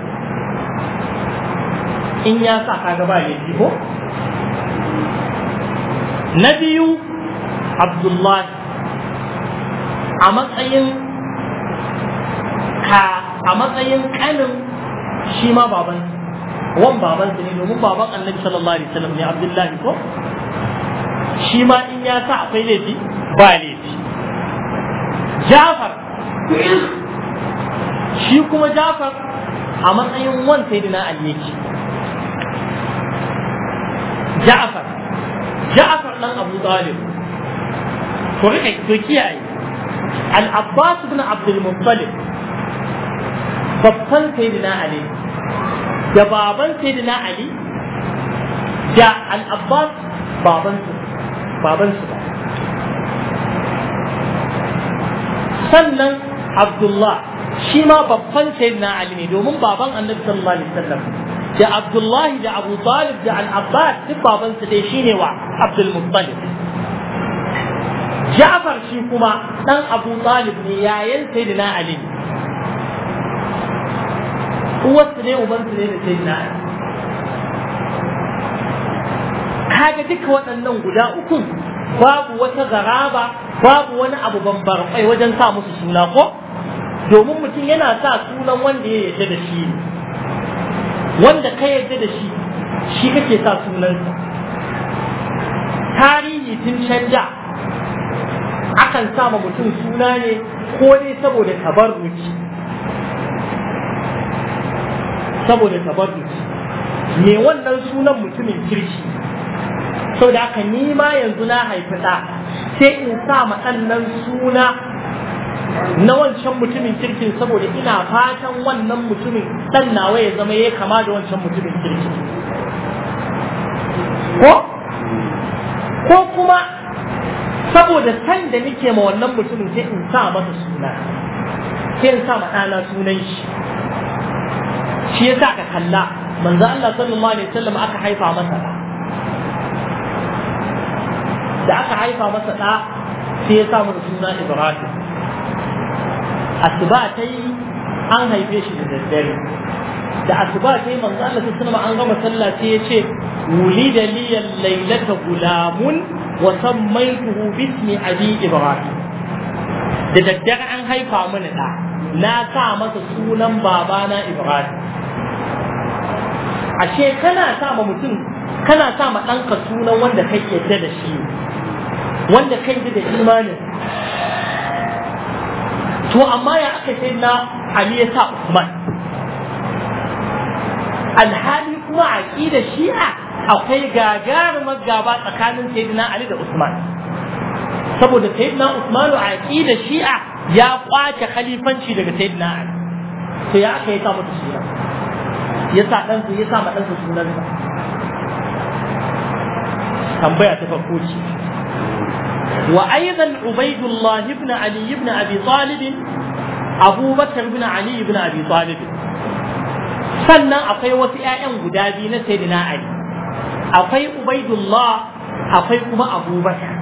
in ya sa kaga ba ya ko na biyu abdullahi a matsayin ka a matsayin kanin shi ma baban wan baban ne domin baban annabi sallallahu alaihi wasallam ne abdullahi ko shi ma in ya sa akwai laifi ba laifi jafar shi kuma jafar a matsayin wan sayyidina ali yake ja'far ja'far dan abu talib to rike to kiyaye al-abbas ibn abdul muttalib babban sayyidina ali da baban sayyidina ali da al baban su ba sannan abdullah shi ma babban sayyidina ali ne domin baban annabi sallallahu alaihi wasallam da abdullah da abu talib da al duk baban su dai shine wa abdul muttalib Ja'far shi kuma dan Abu Talib ne yayin Sayyidina Ali uwarsu ne ubansu ne da sai na kaga duka waɗannan guda uku babu wata garaba babu wani abu bambarfai wajen sa musu suna ko domin mutum yana sa sunan wanda ya yarda da shi wanda ka yarda da shi shi kake sa sunansa tarihi tun canja akan sama mutum suna ne ko dai saboda tabarruki saboda tabarruki me wannan sunan mutumin kirki saboda haka ni ma yanzu na haifi ɗa sai in sa ma suna na wancan mutumin kirkin saboda ina fatan wannan mutumin ɗan nawa ya zama ya kama da wancan mutumin kirki ko ko kuma saboda san da nike ma wannan mutumin sai in sa masa suna sai in sa ma ɗana sunan shi shi ya sa ka kalla manzo Allah sallallahu alaihi wasallam aka haifa masa da da aka haifa masa da sai ya sa samu suna Ibrahim asuba ta an haife shi da daddare da asuba ta yi manzo Allah sallallahu alaihi wasallam an gama sallah sai ya ce ولد لي الليلة غلام وسميته باسم أبي Ibrahim. da daddare an haifa mana da na sa masa sunan babana Ibrahim ashe kana sa ma mutum kana sa ma ɗanka sunan wanda kai yadda da shi wanda kai yadda da imanin to amma ya aka sai na Ali ya sa Usman alhali kuma a da shi'a akwai gagarumar gaba tsakanin sayyidina Ali da Usman saboda sayyidina Usman a da shi'a ya kwace khalifanci daga sayyidina Ali to ya aka yi sa mutu shi'a ya sa ɗansa ya sa ma ɗansa sunansa
tambaya ta farko ce wa
aidan ubaidullah ibn ali ibn abi talib Abubakar bakar ibn ali ibn abi talib sannan akwai wasu ƴaƴan guda biyu na sayyidina ali akwai ubaidullah akwai kuma abubakar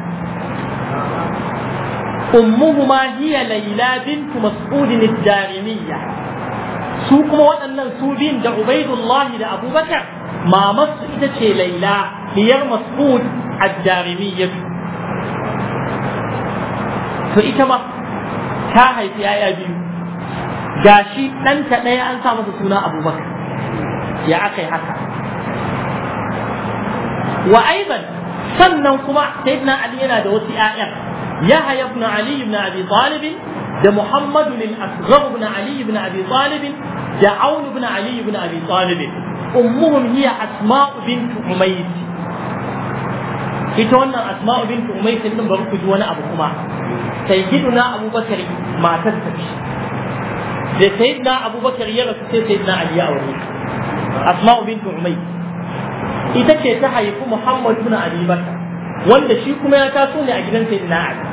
ummuhuma hiya layla bint mas'ud ad-darimiyya su kuma waɗannan su biyun da Ubaidullahi da Abubakar mamarsu ita ce Laila biyar Mas'ud ad-Darimiyyah to ita ma ta haifi yaya biyu gashi ɗanta ɗaya an sa masa suna Abubakar ya aka yi haka wa aiban sannan kuma sayyidina Ali yana da wasu 'ya'yan Yahya ibn Ali ibn Abi Talib da Muhammadu bin Asghab bin Ali ibn Abi Talib da Aun ibn Ali ibn Abi Talib ummuhum hiya Asma'u bint Umayyah ita wannan Asma'u bint Umayyah din bari ku ji wani abu kuma Sai Abu Abubakar matar ta ce da sayyidina Abubakar ya rasu sai sayyidina Ali ya aure Asma'u bint Umayyah ita ce ta haifi Muhammad ibn Abi Bakar wanda shi kuma ya taso ne a gidan sayyidina Ali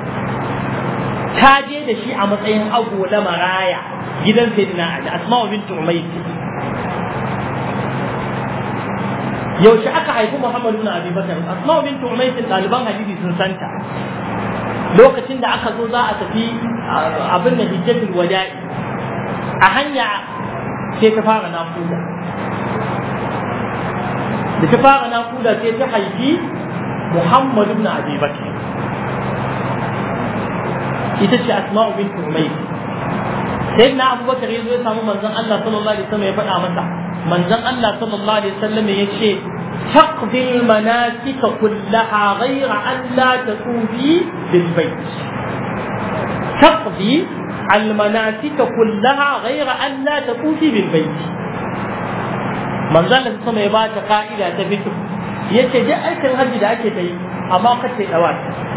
ta je da shi a matsayin na maraya gidan sayyidina Ali Asma'u bint Umayr yaushe aka haifi Muhammad ibn Abi Bakar Asma'u bint Umayr ɗaliban hadisi sun santa lokacin da aka zo za a tafi abin da hijjatul wada'i a hanya sai ta fara nakuda da ta fara nakuda sai ta haifi Muhammad ibn Abi Bakar ita ce asma'u bint Sai na abubakar yazo ya samu Manzan Allah sallallahu alaihi wasallam ya faɗa masa manzon Allah sallallahu alaihi wasallam ya ce تقضي المناسك كلها غير أن لا تطوفي بالبيت تقضي المناسك كلها غير أن لا تطوفي بالبيت من ذا الذي سمع بات قائلة تفتح yace duk aikin hajji da ake ta yi amma kace dawata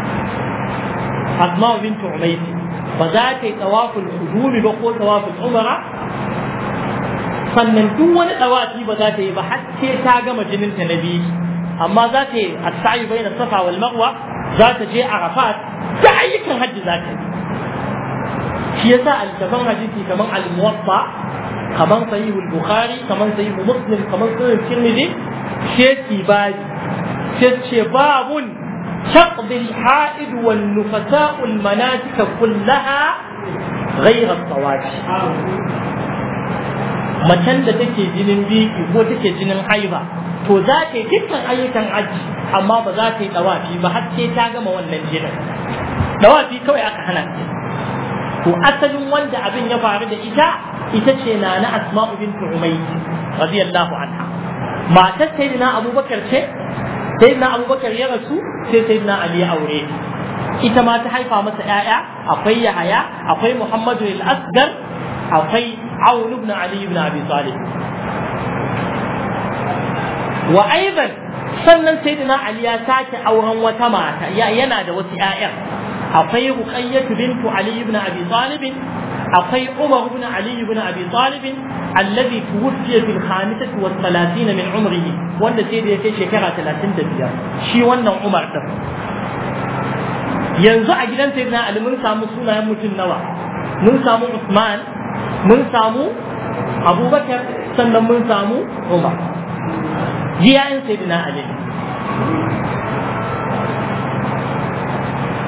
asma bint umaysi ba za ta yi tawaful hudumi ba ko tawaful umara sannan duk wani tawafi ba za ta yi ba har sai ta gama jinin ta na biyu amma za ta yi as-sa'i bayna safa wal marwa za ta je arafat da ayyukan hajji za ta yi shi yasa al-taban hadisi kaman al-muwatta kaman sahih bukhari kaman sahih muslim kaman sahih tirmidhi sai ki ba sai ce babun تقضي الحائض والنفساء المناسك كلها
غير الطواجع
macen da take jinin biki ko take jinin haiba to za ta yi ayyukan aji amma ba za ta yi dawafi ba har sai ta gama wannan jinin dawafi kawai aka hana ta to asalin wanda abin ya faru da ita ita ce na na asma'u bint umayyi radiyallahu anha matar sayyidina abubakar ce sai na abubakar ya rasu sai sai na ali ya aure ita ma ta haifa masa ‘ya'ya akwai yahaya akwai muhammadu al-asgar akwai awun ibn ali ibn abi talib wa aiban sannan na ali ya sake auren wata mata yana da wasu ‘ya'yan akwai ruqayyatu bintu ali ibn abi talib akwai Umar ibn Ali ibn Abi Talib alladhi tuwfiya fil khamisati wa 30 min umrihi wanda sai da ya kai shekara 35 shi wannan Umar din yanzu a gidan Sayyidina Ali mun samu sunayen mutum nawa mun samu Usman mun samu Abubakar sannan mun samu Umar jiyayen Sayyidina Ali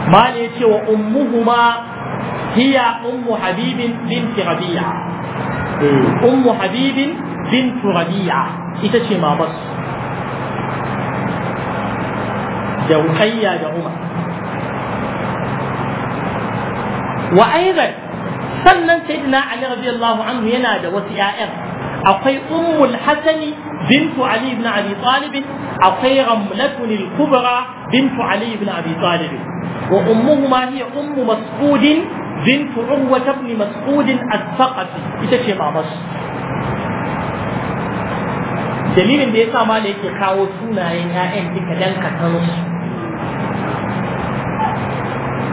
ما يتي وأمهما hiya ummu habibin binti rabi'a ummu habibin bintu rabi'a ita ce mamarsu da ruqayya da umar wa aidan sannan sayyidina ali radiyallahu anhu yana da wasu ƴaƴan akwai ummul hasani bintu ali ibn abi talib akwai ramlatun al-kubra bintu ali ibn abi wa bintu Urwa ibn Mas'ud al-Thaqafi ita ce mamas dalilin da yasa ma da yake kawo sunayen ƴaƴan duka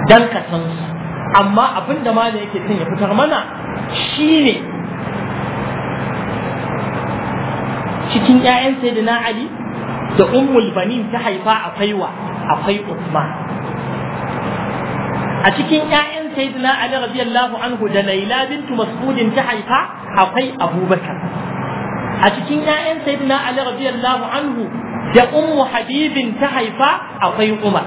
dan ka san su amma abinda ma da yake son ya fitar mana shine cikin Ali da ummul banin ta haifa akwai wa akwai Usman a cikin ƴaƴan sayyidina ali radiyallahu anhu da laila bintu mas'udin ta haifa akwai abubakar a cikin ƴaƴan sayyidina ali radiyallahu anhu da ummu habibin ta haifa akwai umar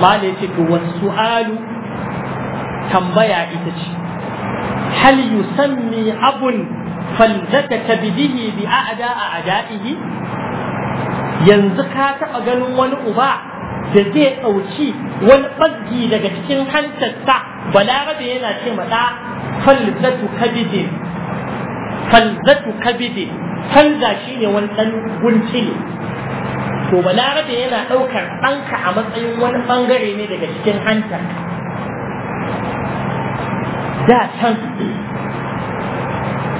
mala yace to wasu'alu tambaya ita ce hal yusammi abun falzaka bidihi bi a'da a'da'ihi yanzu ka taɓa ganin wani uba da zai ɗauki wani ɓazgi daga cikin hantarsa balarabe yana ce maɗa falzatu Kabide, falzatu Kabide. falza shi ne wani ɗan gunci ne to balarabe yana ɗaukar ɗanka a matsayin wani ɓangare ne daga cikin hantar da can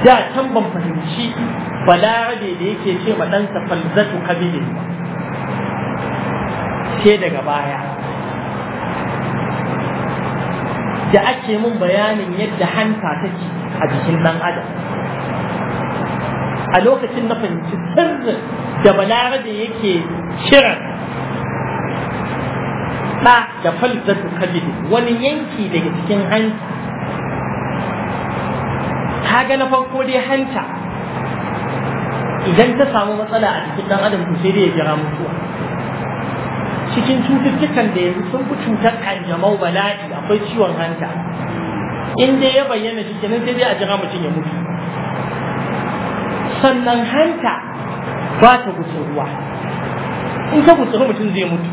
da can ban fahimci balarabe da yake ce ma ɗansa falzatu Kabide. sai daga baya da ake mun bayanin yadda hanta take a jikin ɗan adam a lokacin na fahimci sirrin da balarabe yake kiran ɗa da falzatu kalidi wani yanki daga cikin hanta kaga na farko dai hanta idan ta samu matsala a jikin ɗan adam to sai dai ya jira mutuwa cikin cututtukan da yanzu sun fi cutar kanjamau bala'i akwai ciwon hanta in dai ya bayyana shi kenan sai dai a jira mutum ya mutu sannan hanta ba ta gutsu ruwa in ka gutsu mutum zai mutu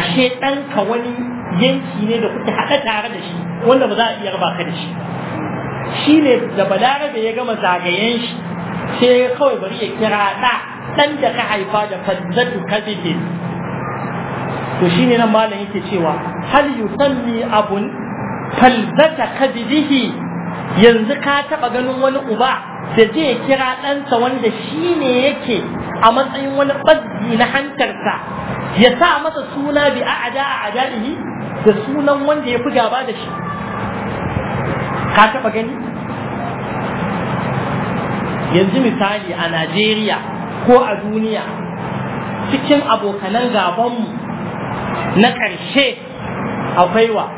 ashe ka wani yanki ne da kuke haɗa tare da shi wanda ba za a iya raba ka da shi shi ne da balarabe ya gama zagayen shi sai kawai bari ya kira ɗa ɗan da ka haifa da fazzatu kabitin to ne nan malam yake cewa hal yusalli abun falzata kadidihi yanzu ka taba ganin wani uba da zai kira ɗansa wanda shi ne yake a matsayin wani bazzi na hantarsa ya sa masa suna bi a ada a adalihi da sunan wanda ya fi gaba da shi ka taba gani yanzu misali a najeriya ko a duniya cikin abokanan gabanmu na ƙarshe akwai wa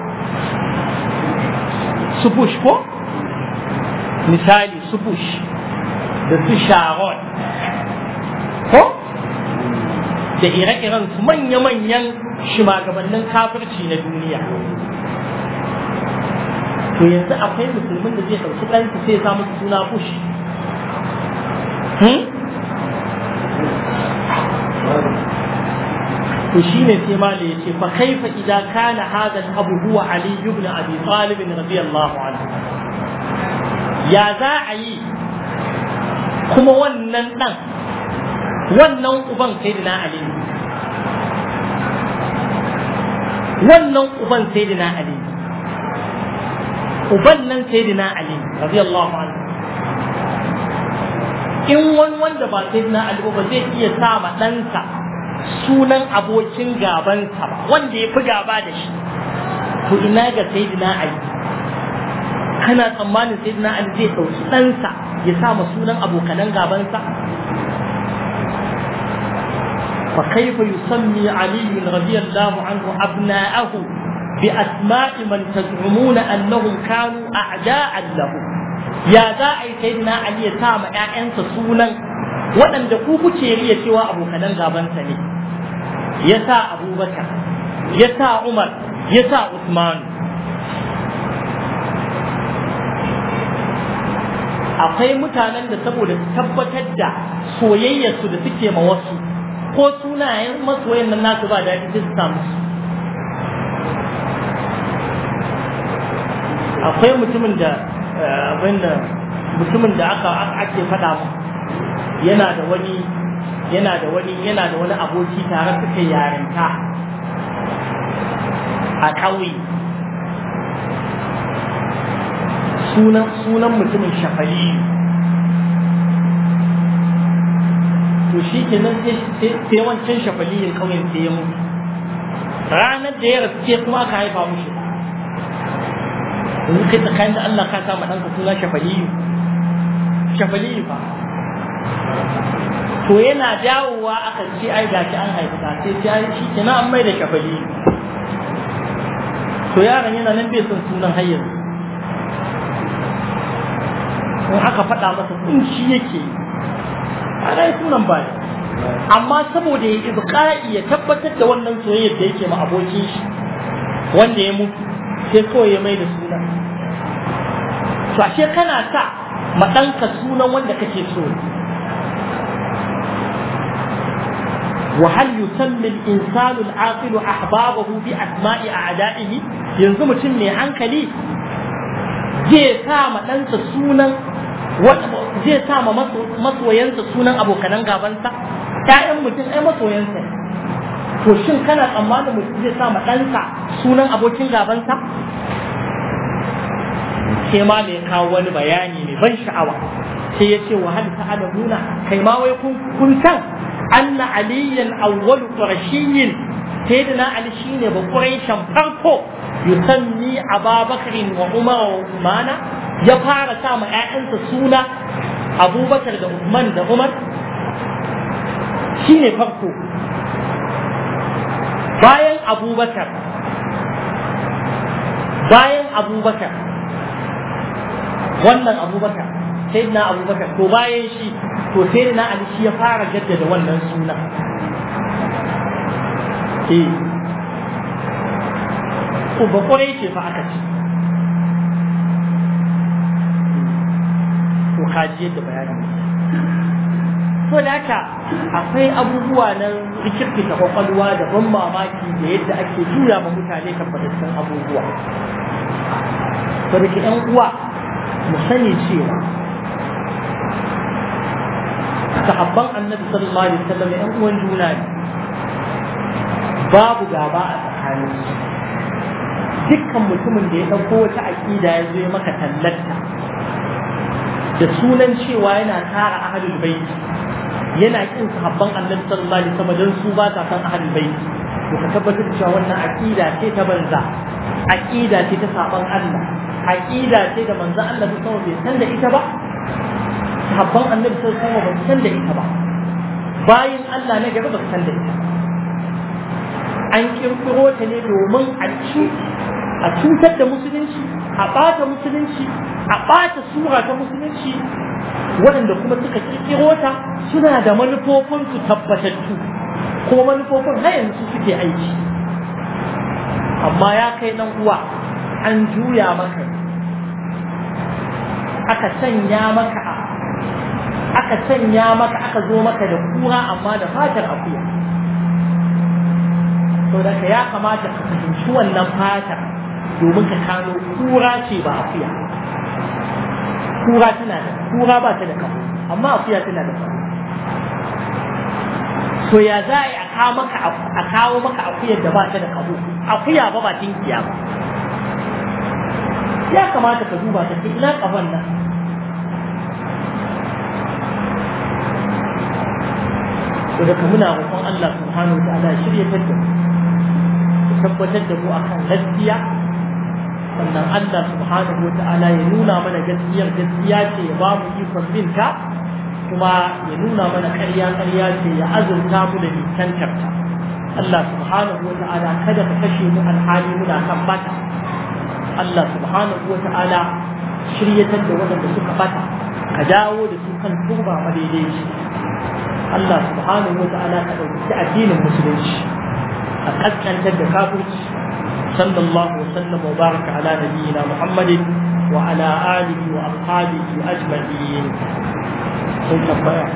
su bush ko misali su bush da su sharon ko da ire-iren su manya-manyan shimagabannin kafirci na duniya to yanzu akwai musulmin da zai ɗauki ɗansa sai ya samu suna bush hmm? to shine sai ma da yace fa kaifa idan kana hadha abu huwa ali ibn abi talib radiyallahu anhu
ya za a yi
kuma wannan dan wannan uban sai da ali wannan uban sai da ali uban nan sai da na ali radiyallahu anhu in wani wanda ba sai da ali ba zai iya sa ma ɗansa sunan abokin gabansa ba wanda ya fi gaba da shi to ina ga sayyidina ali kana tsammanin sayyidina ali zai ɗauki ɗansa ya sa ma sunan abokanan gabansa fa kaifa yusammi ali radiyallahu anhu abna'ahu bi asma'i man taz'umuna annahum kanu a'da'an lahu ya za a yi sayyidina ali ya sa ma ƴaƴansa sunan waɗanda ku kuke riya cewa abokanan gabansa ne ya sa abubakar ya sa umar ya sa usman akwai mutanen da saboda tabbatar da soyayyarsu da suke ma wasu ko sunayen masoyan nan nasu ba daɗi su samu akwai mutumin da eh, abin da mutumin da aka ake faɗa yana da wani yana da wani yana da wani aboki tare suka yarinta a ƙauye sunan sunan mutumin shafali to shi ke nan sai wancan shafali shafaliyin ƙauyen sai ya mutu ranar da ya rasu ke kuma aka haifa mushi yanzu kai tsakanin da Allah ka sa ma ɗanka suna shafaliyu shafaliyu ba to yana dawowa aka ce ai ki an haifa sai ce ai shi kenan an mai da kafali to yaron yana nan bai son sunan hayyar in aka faɗa masa shi yake a rai sunan baya amma saboda ya izqa'i ya tabbatar da wannan soyayyar da yake ma abokin shi wanda ya mutu sai kawai ya mai da sunan to ashe kana sa ma ɗanka sunan wanda kake so وهل يسمي الإنسان العاقل أحبابه بأسماء أعدائه ينظم تنمي عنك لي zai sa ma ɗansa sunan masoyansa sunan abokanan gabansa ƴaƴan mutum ai masoyansa to shin kana tsammanin mutum zai sa ma sunan abokin gabansa sai ma mai kawo wani bayani mai ban sha'awa sai ya ce wa hal nuna kai ma wai kun anna aliyan awwal qurashiyin sayyidina ali shine ba quraishan farko yusanni ababakarin wa umar wa umana ya fara sa ma ƴaƴansa suna abubakar da usman da umar shine farko bayan abubakar bayan abubakar wannan abubakar sai na abubakar to bayan shi to sai na ali shi ya fara jaddada wannan suna. eh ko ba kwarai ce fa aka ci ko kaji yadda bayani so da haka akwai abubuwa na rikirkita kwakwalwa da ban mamaki da yadda ake juya ma mutane kan fadattun abubuwa saboda yan uwa mu sani cewa sahabban annabi sallallahu alaihi wasallam ɗan uwan juna ne babu gaba a tsakanin dukkan mutumin da ya ɗauko wata aƙida ya zo ya maka tallata da sunan cewa yana tara ahlul bait yana kin sahabban annabi sallallahu alaihi wasallam dan su ba ta san ahlul bait to ka tabbatar cewa wannan aƙida ce ta banza aƙida ce ta saban Allah aƙida ce da manzon Allah sallallahu alaihi wasallam bai san da ita ba sahabban annabi sallallahu alaihi ba san da ita ba bayan Allah na gaba ba san da ita an kirkiro ta ne domin a a cutar da musulunci a ɓata musulunci a ɓata sura ta musulunci waɗanda kuma suka kirkiro ta suna da manufofin su tabbatattu kuma manufofin har yanzu suke aiki amma ya kai nan uwa an juya maka aka sanya maka aka sanya maka aka zo maka da kura amma da fatar akuya to da ya kamata ka fahimci wannan fatar domin ka kano kura ce ba akuya kura tana da kura ba ta da kafa amma akuya tana da kafa so ya za a kawo maka akuyar da ba ta da kafa akuya ba ba tinkiya ba ya kamata ka duba ta ina kafan nan da ka muna roƙon Allah subhanahu ta'ala shirye ta da tabbatar da mu akan gaskiya sannan Allah subhanahu ta'ala ya nuna mana gaskiyar gaskiya ce ya ba mu ikon bin ta kuma ya nuna mana ƙarya ƙarya ce ya azurta mu da nisantar Allah subhanahu ta'ala kada ka kashe mu alhali muna kan bata Allah subhanahu ta'ala shiryatar da waɗanda suka bata ka dawo da su kan turba madaidaici Allah subhanahu wa ta'ala ka ɗauki addinin musulunci a ƙasƙantar da kafirci sallallahu wa sallam wa baraka ala nabiyyina muhammadin wa ala alihi wa ashabihi ajma'in
sun tabbaya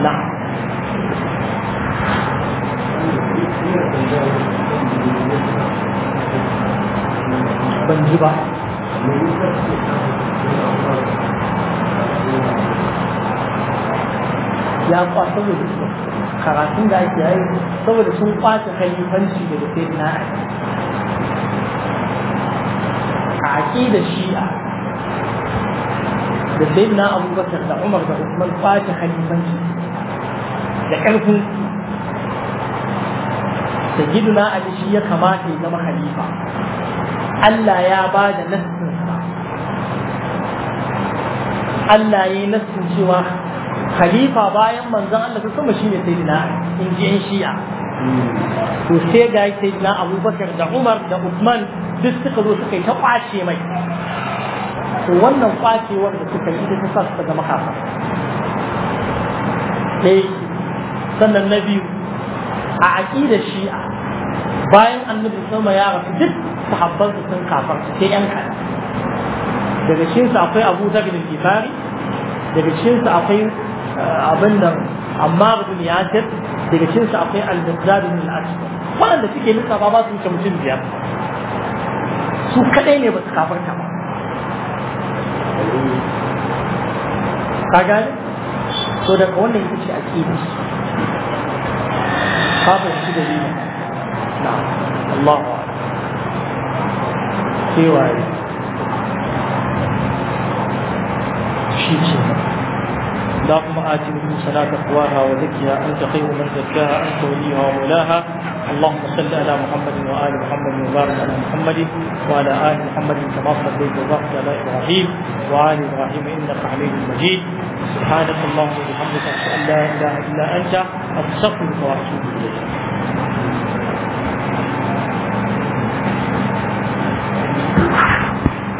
la ban ji ba
ya kwaso da su karatun da ake yayi saboda sun kwace khalifanci daga sayyidina ali a aqidar shi'a da sayyidina abubakar da umar da usman kwace khalifanci da ƙarfin giduna ali shi ya kamata ya zama khalifa Allah ya ba da nassinsa Allah ya yi nassin cewa khalifa bayan manzon Allah sun sama shine sayyidina in ji shi'a to sai ga sayyidina Abubakar da Umar da Uthman duk suka zo suka yi ta kwace mai to wannan kwacewar da suka yi ta sa suka zama kafa Sai sannan na biyu a aqidar shi'a bayan annabi sama ya rasu duk sahabban su sun kafar sai yan kaɗan daga cikinsu akwai Abu Dhar al-Ghifari daga cikinsu akwai abin nan amma abin ibn yasir daga cikin su akwai al-miqdad ibn al-aswad wanda suke lissafa ba su wuce mutum biyar su kadai ne ba su kafarta ba ka gane To daga wannan ita ce aqida
ka fahimci da ni na Allah kewaye shi ce
اللهم آت نفوسنا تقواها وزكها أنت خير من زكاها أنت وليها ومولاها اللهم صل على محمد وآل محمد وبارك على محمد وعلى آل محمد كما صليت وبارك على إبراهيم وآل إبراهيم إنك حميد مجيد سبحانك اللهم وبحمدك أشهد أن لا إله إلا أنت أستغفرك وأتوب إليك